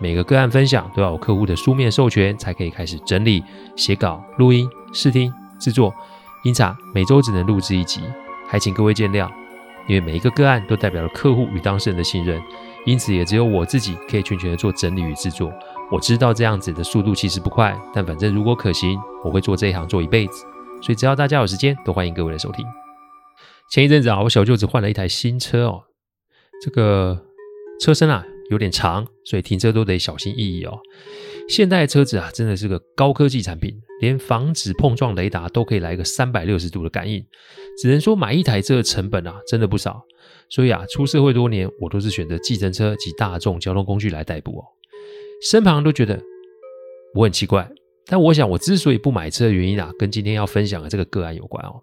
每個個案分享都要有客戶的書面授權，才可以開始整理、寫稿、錄音、視聽、製作。因此啊，每週只能錄製一集，還請各位見諒。因為每一個個案都代表了客戶與當事人的信任，因此也只有我自己可以全權的做整理與製作。我知道這樣子的速度其實不快，但反正如果可行，我會做這一行做一輩子。所以只要大家有時間，都歡迎各位來收聽。前一陣子啊，我小舅子換了一台新車哦，這個車身啊。有點長，所以停車都得小心翼翼哦。現代的車子啊，真的是個高科技產品，連防止碰撞雷達都可以來一個三百六十度的感應。只能說買一台車的成本啊，真的不少。所以啊，出社會多年，我都是選擇計程車及大眾交通工具來代步哦。身旁都覺得我很奇怪，但我想我之所以不買車的原因啊，跟今天要分享的這個個案有關哦。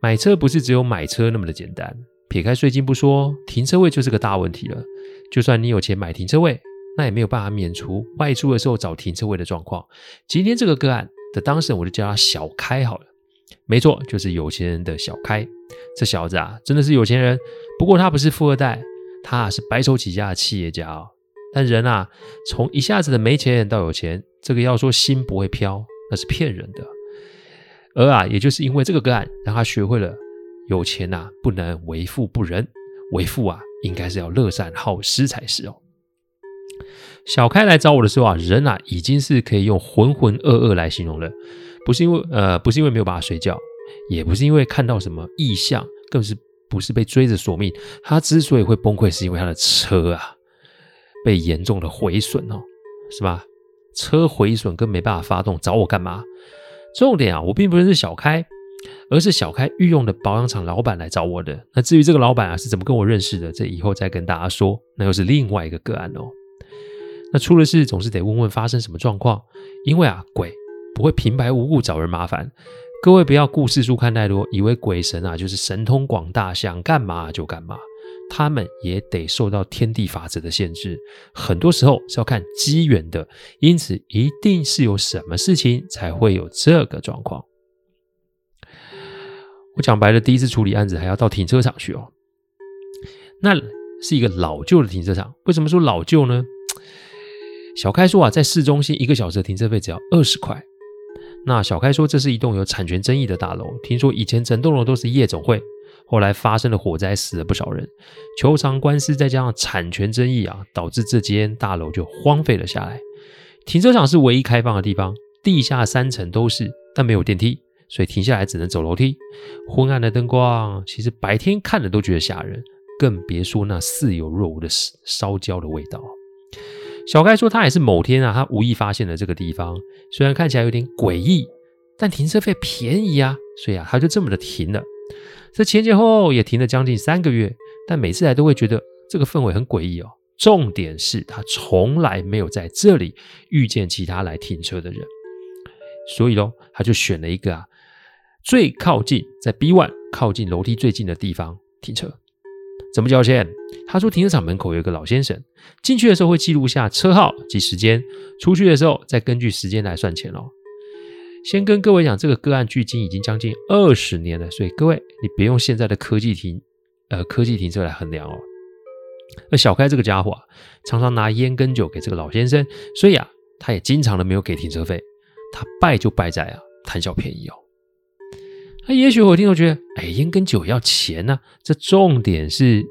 買車不是只有買車那麼的簡單，撇開稅金不說，停車位就是個大問題了。就算你有錢買停車位，那也沒有辦法免除外出的時候找停車位的狀況。今天這個個案的當事人，我就叫他小開好了。沒錯，就是有錢人的小開。這小子啊，真的是有錢人。不過他不是富二代，他啊，是白手起家的企業家哦。但人啊，從一下子的沒錢到有錢，這個要說心不會飄，那是騙人的。而啊，也就是因為這個個案，讓他學會了有錢吶、啊，不能為富不仁，為富啊。應該是要樂善好施才是哦。小開來找我的時候啊，人啊已經是可以用渾渾噩噩來形容了，不是因為呃，不是因為沒有辦法睡覺，也不是因為看到什麼異象，更是不是被追着索命。他之所以會崩潰，是因為他的車啊被嚴重的毀損哦，是吧？車毀損跟沒辦法發動，找我幹嘛？重點啊，我並不認識小開。而是小開御用的保養廠老板來找我的。那至於這個老板啊是怎麼跟我認識的，這以後再跟大家說，那又是另外一個個案哦。那出了事總是得問問發生什麼狀況，因為啊鬼不會平白無故找人麻煩。各位不要故事書看太多，以為鬼神啊就是神通廣大，想幹嘛就幹嘛，他們也得受到天地法則的限制，很多時候是要看機緣的。因此一定是有什麼事情才會有這個狀況。我講白了，第一次處理案子還要到停車場去哦。那是一個老舊的停車場，為什麼說老舊呢？小開說啊，在市中心，一個小時的停車費只要二十塊。那小開說，這是一棟有產權爭議的大樓，聽說以前整棟樓都是夜總會，後來發生了火災，死了不少人。求償官司再加上產權爭議啊，導致這間大樓就荒廢了下來。停車場是唯一開放的地方，地下三層都是，但沒有電梯。所以停下來只能走樓梯，昏暗的燈光，其實白天看着都覺得嚇人，更別說那似有若無的燒焦的味道。小蓋說他也是某天啊，他無意發現了這個地方，雖然看起來有點詭異，但停車費便宜啊，所以啊他就這麼的停了。這前前後後也停了將近三個月，但每次來都會覺得這個氛圍很詭異哦。重點是他從來沒有在這裡遇見其他來停車的人。所以咯，他就選了一個啊，最靠近在 B one 靠近樓梯最近的地方停車。怎麼交錢？他說停車場門口有一個老先生，進去的時候會記錄下車號及時間，出去的時候再根據時間來算錢哦。先跟各位講，這個個案距今已經將近二十年了，所以各位你別用現在的科技停，呃，科技停車來衡量哦。那小開這個家伙啊，常常拿菸跟酒給這個老先生，所以啊，他也經常的沒有給停車費。他敗就敗在啊，貪小便宜哦。那也許我一聽，就覺得，哎煙跟酒要錢呢？啊，這重點是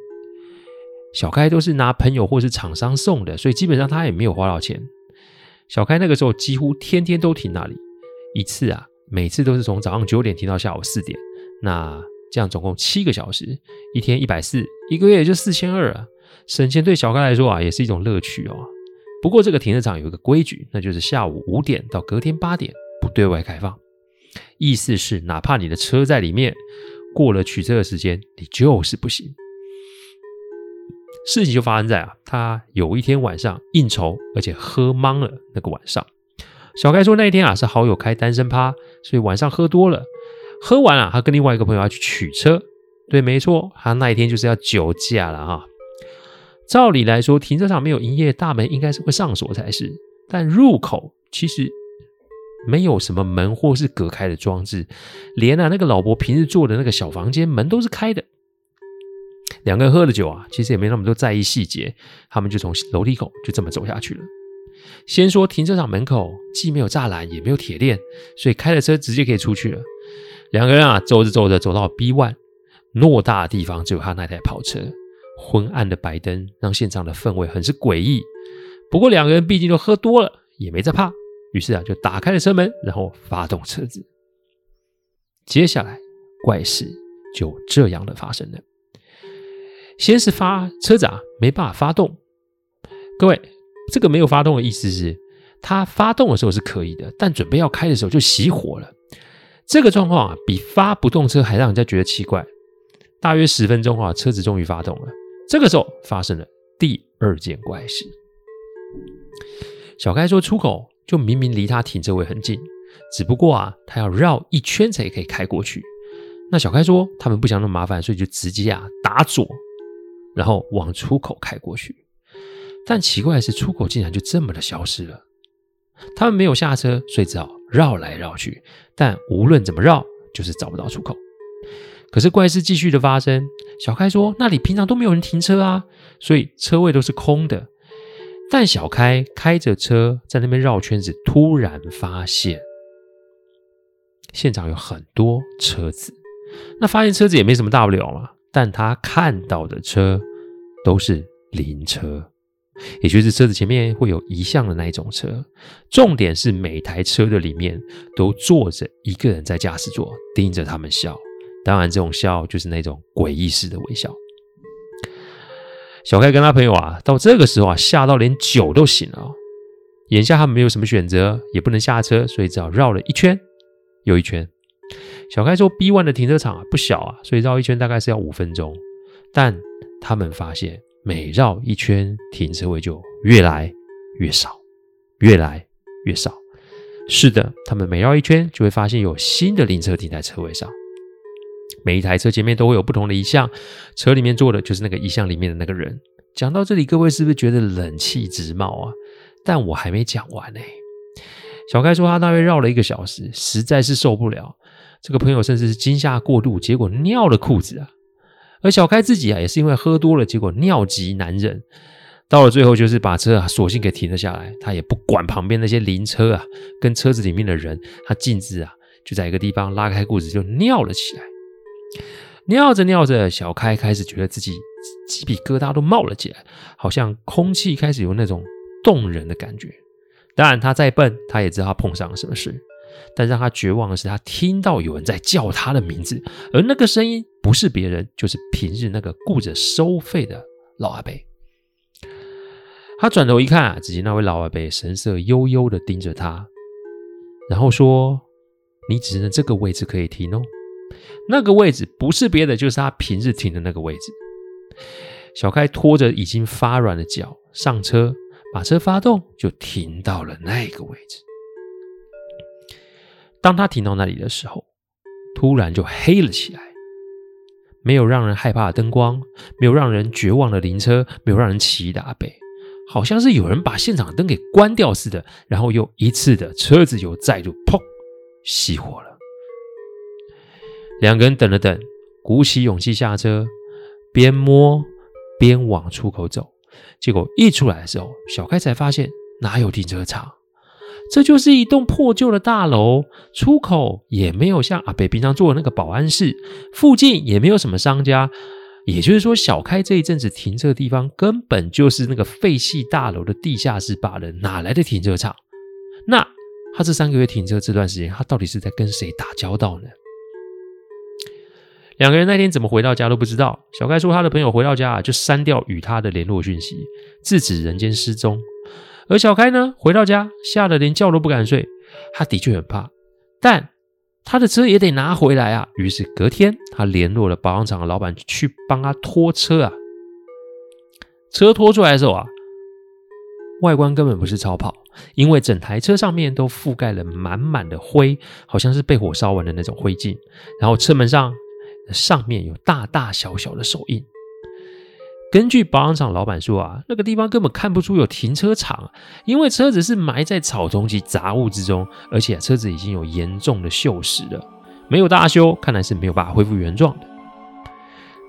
小開都是拿朋友或是廠商送的，所以基本上他也沒有花到錢。小開那個時候幾乎天天都停那裡，一次啊，每次都是從早上九點停到下午四點，那這樣總共七個小時，一天一百四，一個月也就四千二啊。省錢對小開來說啊也是一種樂趣哦。不過這個停車場有一個規矩，那就是下午五點到隔天八點不對外開放。意思是，哪怕你的車在裡面，過了取車的時間，你就是不行。事情就發生在啊，他有一天晚上應酬，而且喝茫了那個晚上。小開說那一天啊是好友開單身趴，所以晚上喝多了，喝完了、啊，他跟另外一個朋友要去取車。對，沒錯，他那一天就是要酒駕了啊。照理來說，停車場沒有營業，大門應該是會上鎖才是。但入口其實沒有什麼門或是隔開的裝置，連啊那個老伯平日坐的那個小房間門都是開的。兩個人喝了酒啊，其實也沒那麼多在意細節，他們就從樓梯口就這麼走下去了。先說停車場門口既沒有柵欄，也沒有鐵鏈，所以開着車直接可以出去了。兩個人啊，走着走着走到 B1，偌大的地方只有他那台跑車。昏暗的白燈讓現場的氛圍很是詭異。不過兩個人畢竟都喝多了，也沒在怕。於是啊，就打開了車門，然後發動車子。接下來怪事就這樣的發生了。先是發車子啊沒辦法發動。各位，這個沒有發動的意思是，它發動的時候是可以的，但準備要開的時候就熄火了。這個狀況啊，比發不動車還讓人家覺得奇怪。大約十分鐘後啊，車子終於發動了。這個時候發生了第二件怪事。小開說出口就明明離他停車位很近，只不過啊，他要繞一圈才可以開過去。那小開說他們不想那麼麻煩，所以就直接啊打左，然後往出口開過去。但奇怪的是，出口竟然就這麼的消失了。他們沒有下車，所以只好繞來繞去。但無論怎麼繞，就是找不到出口。可是怪事繼續的發生。小開說：“那裡平常都沒有人停車啊，所以車位都是空的。但小開開着車在那邊繞圈子，突然發現現場有很多車子。那發現車子也沒什麼大不了嘛，但他看到的車都是靈車，也就是車子前面會有遺像的那一種車。重點是每台車的裡面都坐着一個人在駕駛座，盯着他們笑。”當然，這種笑就是那種詭異式的微笑。小開跟他朋友啊，到這個時候啊，嚇到連酒都醒了。眼下他們沒有什麼選擇，也不能下車，所以只好繞了一圈又一圈。小開說：“B one 的停車場啊，不小啊，所以繞一圈大概是要五分鐘。但他們發現，每繞一圈，停車位就越來越少，越來越少。是的，他們每繞一圈，就會發現有新的靈車停在車位上。”每一台車前面都會有不同的遺像，車裡面坐的就是那個遺像裡面的那個人。講到這裡，各位是不是覺得冷氣直冒啊？但我還沒講完呢、欸。小開說他大約繞了一個小時，實在是受不了。這個朋友甚至是驚嚇過度，結果尿了褲子啊。而小開自己啊，也是因為喝多了，結果尿急難忍，到了最後就是把車啊，索性給停了下來。他也不管旁邊那些靈車啊，跟車子裡面的人，他徑直啊，就在一個地方拉開褲子就尿了起來。尿着尿着，小開開始覺得自己雞皮疙瘩都冒了起來，好像空氣開始有那種凍人的感覺。當然，他再笨，他也知道他碰上了什麼事。但讓他絕望的是，他聽到有人在叫他的名字，而那個聲音不是別人，就是平日那個顧着收費的老阿伯。他轉頭一看，只見那位老阿伯神色悠悠地盯着他，然後說：“你只能這個位置可以停哦。”那個位置不是別的，就是他平日停的那個位置。小開拖着已經發軟的腳上車，把車發動，就停到了那個位置。當他停到那裡的時候，突然就黑了起來，沒有讓人害怕的燈光，沒有讓人絕望的靈車，沒有讓人起疑的阿北，好像是有人把現場燈給關掉似的，然後又一次的車子又再度砰熄火了。兩個人等了等，鼓起勇氣下車，邊摸邊往出口走。結果一出來的時候，小開才發現哪有停車場？這就是一棟破舊的大樓，出口也沒有像阿北平常做的那個保安室，附近也沒有什麼商家。也就是說，小開這一陣子停車的地方根本就是那個廢棄大樓的地下室罷了，哪來的停車場？那他這三個月停車這段時間，他到底是在跟誰打交道呢？兩個人那天怎麼回到家都不知道。小開說他的朋友回到家就刪掉與他的聯絡訊息，自此人間失蹤。而小開呢，回到家嚇得連覺都不敢睡，他的確很怕。但他的車也得拿回來啊。於是隔天他聯絡了保養廠的老闆去幫他拖車啊。車拖出來的時候啊，外觀根本不是超跑，因為整台車上面都覆蓋了滿滿的灰，好像是被火燒完的那種灰燼。然後車門上。上面有大大小小的手印。根據保養廠老闆說啊，那個地方根本看不出有停車場，因為車子是埋在草叢及雜物之中，而且車子已經有嚴重的鏽蝕了，沒有大修，看來是沒有辦法恢復原狀的。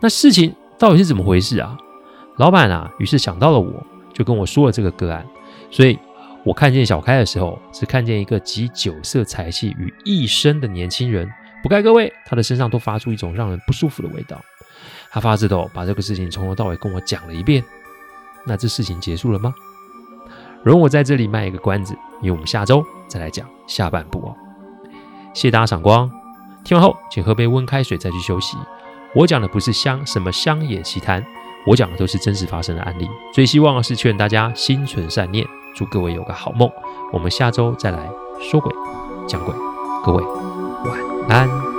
那事情到底是怎麼回事啊？老闆啊，於是想到了我，就跟我說了這個個案。所以我看見小開的時候，是看見一個集酒色財氣於一身的年輕人。不蓋各位，他的身上都發出一種讓人不舒服的味道。他發自的、哦、把這個事情從頭到尾跟我講了一遍。那這事情結束了嗎？容我在這裡賣一個關子，因為我們下周再來講下半部哦。謝謝大家賞光，聽完後請喝杯溫開水再去休息。我講的不是鄉什麼鄉野奇談，我講的都是真實發生的案例。最希望是勸大家心存善念，祝各位有個好夢。我們下周再來說詭講鬼，各位晚安。安。